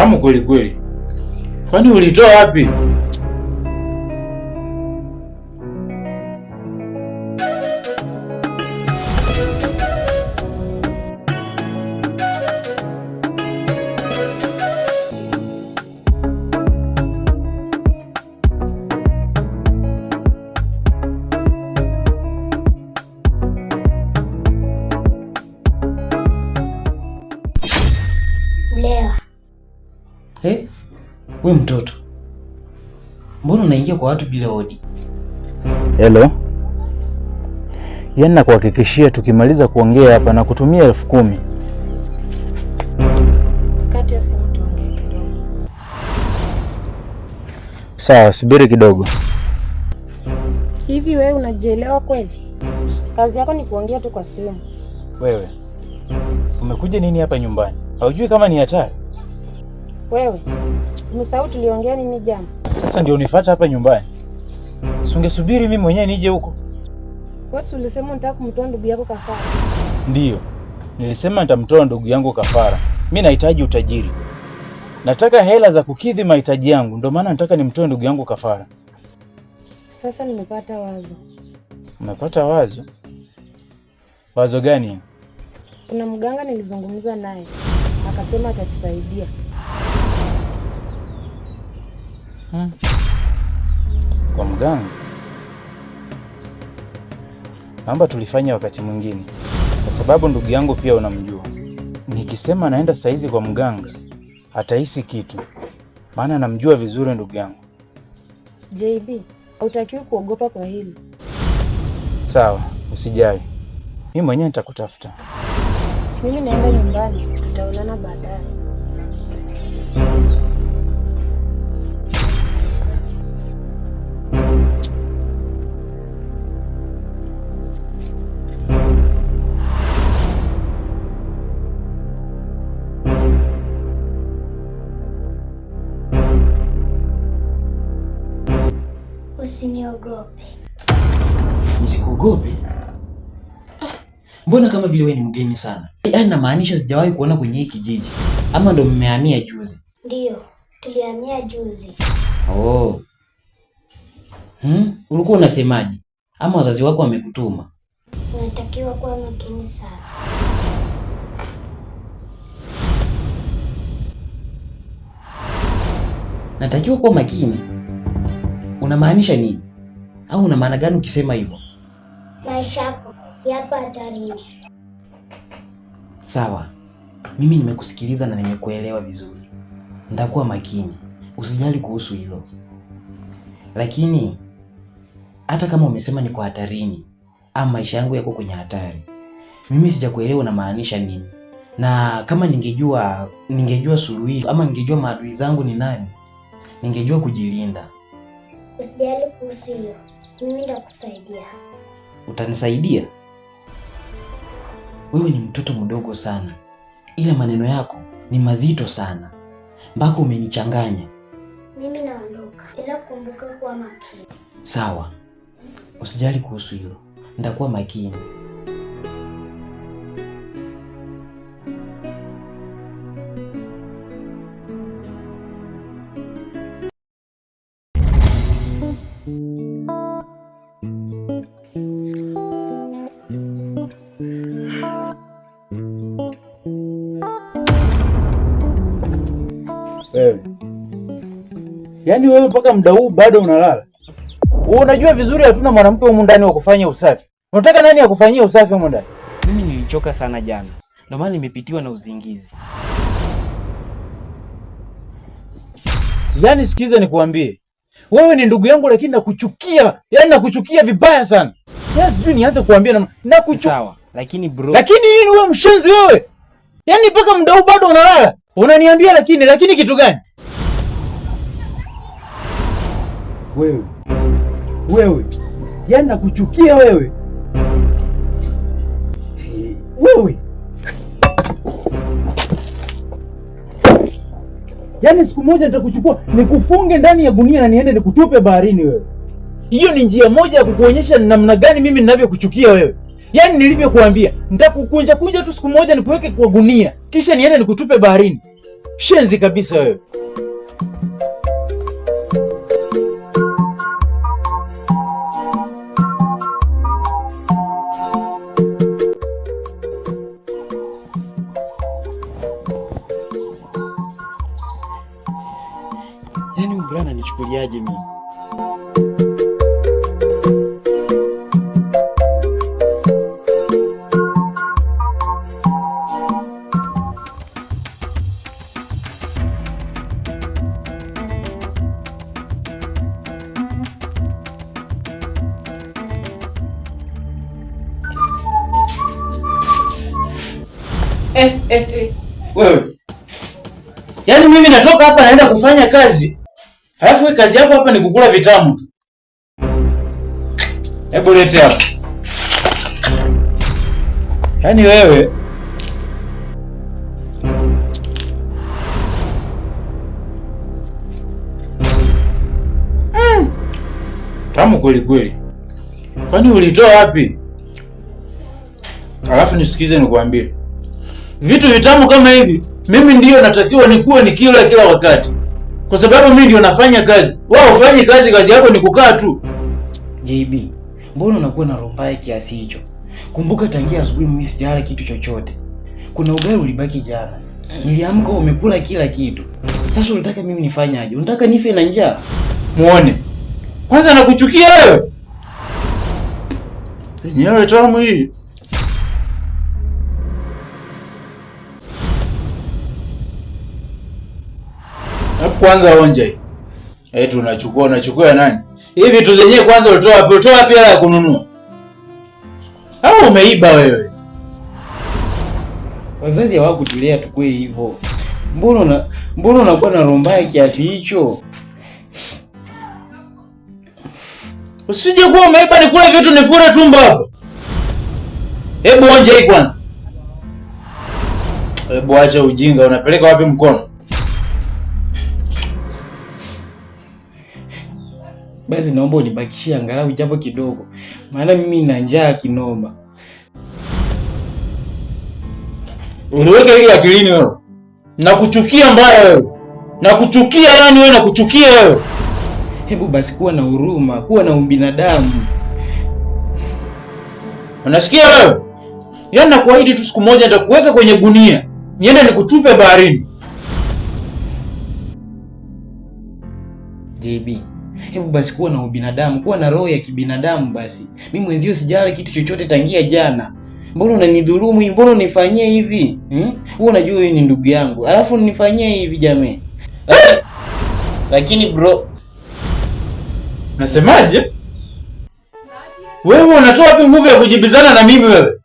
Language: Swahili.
Tamu kweli kweli. Kwani ulitoa wapi? We mtoto, mbona unaingia kwa watu bila hodi? Hello. Yaani nakuhakikishia tukimaliza kuongea hapa na kutumia elfu kumi Sawa, subiri kidogo. Hivi wewe unajielewa kweli? Kazi yako ni kuongea tu kwa simu. Wewe umekuja nini hapa nyumbani? Haujui kama ni hatari? Wewe Umesahau tuliongea nini jana? Sasa ndio unifuata hapa nyumbani. Sungesubiri mimi mwenyewe nije huko. Wewe ulisema unataka kumtoa ndugu yako kafara. Ndiyo, nilisema nitamtoa ndugu yangu kafara. Mimi nahitaji utajiri, nataka hela za kukidhi mahitaji yangu, ndio maana nataka nimtoe ndugu yangu kafara. Sasa nimepata wazo. Umepata wazo? Wazo gani? Kuna mganga nilizungumza naye akasema atatusaidia. Hmm. Kwa mganga naomba tulifanya wakati mwingine, kwa sababu ndugu yangu pia unamjua. Nikisema naenda saizi kwa mganga atahisi kitu, maana namjua vizuri ndugu yangu. JB, hautakiwi kuogopa kwa hili. Sawa, usijali, mimi mwenyewe nitakutafuta. Mimi naenda nyumbani, tutaonana baadaye. Usiniogope. Nisikuogope? Mbona kama vile wewe ni mgeni sana? Yaani namaanisha sijawahi kuona kwenye hii kijiji, ama ndo mmehamia juzi? Ndiyo, tulihamia juzi. Oh. Hmm? Ulikuwa unasemaje? Ama wazazi wako wamekutuma? Unatakiwa kuwa makini sana. Natakiwa kuwa makini? unamaanisha nini au una maana gani ukisema hivyo? Maisha yako yapo hatarini. Sawa, mimi nimekusikiliza na nimekuelewa vizuri, nitakuwa makini, usijali kuhusu hilo. Lakini hata kama umesema niko hatarini ama maisha yangu yako kwenye hatari, mimi sijakuelewa unamaanisha nini, na kama ningejua, ningejua suluhisho ama ningejua maadui zangu ni nani, ningejua kujilinda. Usijali kuhusu hiyo, mimi nitakusaidia. Utanisaidia? Wewe ni mtoto mdogo sana, ila maneno yako ni mazito sana mpaka umenichanganya. Mimi naondoka, ila kumbuka kuwa makini. Sawa, usijali kuhusu hiyo, nitakuwa makini. Yaani wewe mpaka muda huu bado unalala? Wewe Unajua vizuri hatuna mwanamke huko ndani wa kufanya usafi. Unataka nani akufanyie usafi huko ndani? Mimi nilichoka sana jana, ndio maana nimepitiwa na uzingizi. Yaani sikiza nikuambie, wewe ni ndugu yangu, lakini nakuchukia, yaani nakuchukia vibaya sana. Yaani sijui nianze kuambia na nakuchukia. Sawa, lakini bro. Lakini nini wewe mshenzi wewe? Yaani mpaka muda huu bado unalala? Unaniambia lakini, lakini kitu gani? Wewe wewe, yaani nakuchukia wewe wewe, yaani siku moja nitakuchukua nikufunge ndani ya gunia na niende nikutupe baharini wewe. Hiyo ni njia moja ya kukuonyesha namna gani mimi ninavyokuchukia wewe. Yaani nilivyokuambia nitakukunja kunja tu siku moja nikuweke kwa gunia kisha niende nikutupe baharini. Shenzi kabisa wewe. bwana, nichukuliaje mimi? Eh, eh, eh. Wewe. Yaani mimi natoka hapa naenda kufanya kazi Halafu kazi yako hapa ni kukula vitamu tu. Hebu lete hapa. Yaani wewe mm, tamu kweli kweli. Kwani ulitoa wapi? Alafu nisikize nikwambie, vitu vitamu kama hivi mimi ndiyo natakiwa nikuwe nikila kila wakati kwa sababu mimi ndio nafanya kazi, wao ufanye kazi, kazi yako ni kukaa tu. JB, mbona unakuwa na rombaye kiasi hicho? Kumbuka tangia asubuhi mimi sijala kitu chochote. Kuna ugali ulibaki jana, niliamka umekula kila kitu. Sasa unataka mimi nifanyaje? Unataka nife na njaa? Muone kwanza, nakuchukia wewe enyewe tamu hii kwanza onja hii. Eti eh, unachukua unachukua ya nani? Hii vitu zenyewe kwanza ulitoa wapi? Ulitoa wapi hela ya kununua? Au umeiba wewe? Wazazi hawakutulia tu kweli hivyo. Mbona una mbona unakuwa na rombaya kiasi hicho? Usije kuwa umeiba ni kula vitu fura tumbo hapo. Hebu onja hii kwanza. Hebu acha ujinga, unapeleka wapi mkono? basi naomba unibakishie angalau japo kidogo, maana mimi na njaa kinoma. uliweke hili akilini wewe? Nakuchukia mbaya wewe, nakuchukia yani wewe, nakuchukia wewe. Hebu basi kuwa na huruma, kuwa na ubinadamu. Unasikia wewe? Yaani nakuahidi tu siku moja nitakuweka kwenye gunia niende nikutupe baharini. JB Hebu basi kuwa na ubinadamu, kuwa na roho ya kibinadamu. Basi mimi mwenzio sijala kitu chochote tangia jana, mbona unanidhulumu hivi? Mbona unifanyia hivi hmm? Wewe unajua wewe ni ndugu yangu, alafu unifanyia hivi jamii. Eh! Lakini bro, Unasemaje? Wewe unatoa wapi nguvu ya kujibizana na mimi wewe?